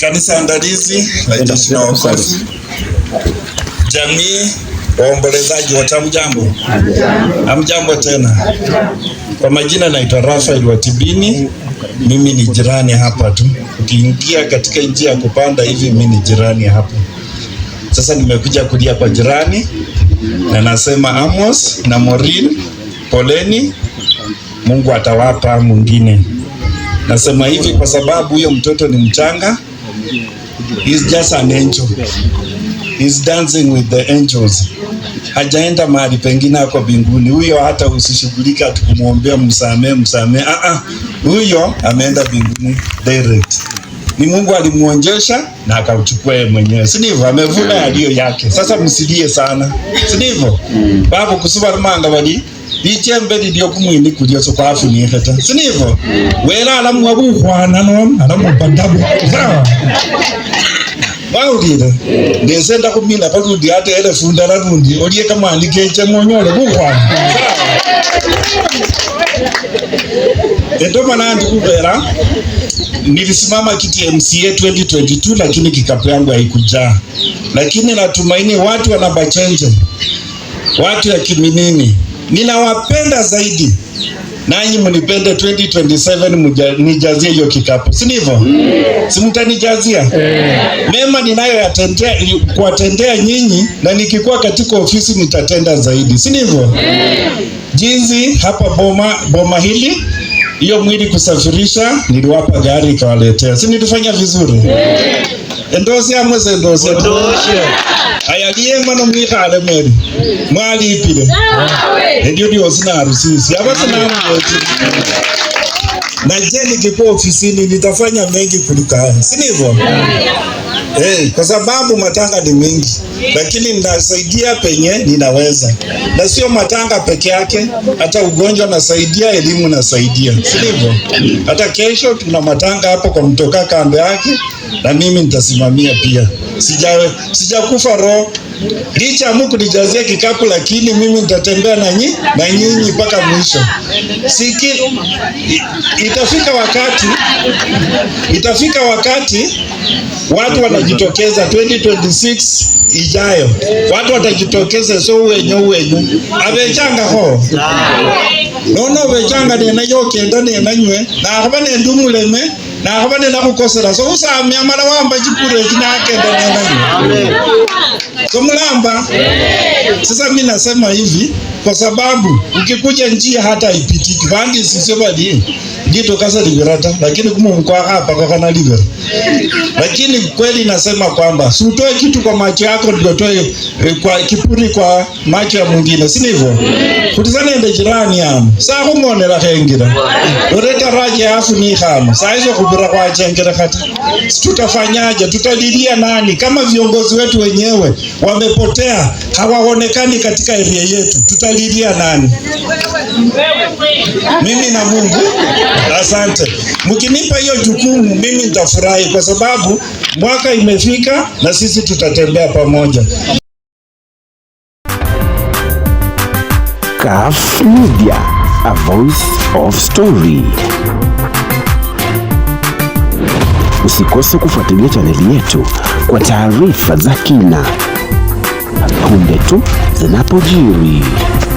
Kanisa andalizi la Jeshi la Wokovu, jamii waombolezaji wote, hamjambo, hamjambo tena. Kwa majina naitwa Rafael Watibini, mimi ni jirani hapa tu, ukiingia katika njia ya kupanda hivi, mimi ni jirani hapa. Sasa nimekuja kulia kwa jirani na nasema Amos na Morin, poleni, Mungu atawapa mwingine. Nasema hivi kwa sababu huyo mtoto ni mchanga He's just an angel. He's dancing with the angels. Hajaenda mahali pengine, ako binguni huyo, hata usishughulika atukumwombea msamee msamee. Ah ah, huyo ameenda binguni direct. Ni Mungu alimuonjesha na akauchukua yeye mwenyewe, si ndivyo? Amevuna yaliyo yake. Sasa msilie sana, si ndivyo? Mm. babo kusuba rumanga bali lichembe lilio kumwini kulio so kwafu ni feta si ndivyo wera alamu abuhwana non alamu bandabu sawa waulile ndese ndakumila palundi ate elefu ndala lundi olie kamwani keche mwonyole buhwana endomana ndi kuvera nilisimama kiti 2022 lakini kikapu yangu haikujaa, lakini natumaini watu wanabachenje watu ya kiminini ninawapenda zaidi, nanyi mnipende 2027 nijazie hiyo kikapu, si ndivyo? Yeah. si mtanijazia? Yeah. mema ninayoyatendea kuwatendea nyinyi, na nikikuwa katika ofisi nitatenda zaidi, si ndivyo? Yeah. jinsi hapa boma boma hili hiyo mwili kusafirisha, niliwapa gari ikawaletea, si nilifanya vizuri? Yeah endosya mwese endosya ayaliema nomwikhale mwene mwalipile elyo lyosi narusisi avasinamueti naje nikikuwa ofisini nitafanya mengi kuliko sinivo Hey, eh, kwa sababu matanga ni mingi lakini ninasaidia penye ninaweza, na sio matanga peke yake, hata ugonjwa nasaidia, elimu nasaidia, sivyo? Hata kesho tuna matanga hapo kwa mtoka kando yake na mimi nitasimamia pia. Sija sijakufa roho licha nijazie kikapu, lakini mimi nitatembea nyi na nyinyi mpaka mwisho. Siki, itafika wakati itafika wakati watu wanajitokeza 2026 ijayo, watu watajitokeza, so wenyu wenyu avechanga ho nono vechanga nena yoke nywe na akaba nendumuleme na khavane nakhukosela so usamya mala wamba chipure chinakendananayo so mulamba sasa mi nasema hivi kwa sababu ukikuja njia hata ipitiki vangi sisebali ngito kasa liberata lakini kuma mkwa hapa kwa kana libera lakini kweli nasema kwamba si utoe kitu kwa macho yako ndio toe eh, kwa kipuri kwa macho ya mwingine si hivyo kutizana ende jirani yangu saa kungonera kengira ureta raje afu ni khama saa hizo kubira kwa chengera kata tutafanyaje tutalilia nani kama viongozi wetu wenyewe wamepotea hawaonekani katika area yetu Tuta mtalilia nani? Mimi na Mungu. Asante, mkinipa hiyo jukumu, mimi nitafurahi kwa sababu mwaka imefika na sisi tutatembea pamoja. Kaf Media, a voice of story. Usikose kufuatilia chaneli yetu kwa taarifa za kina punde tu zinapojiri.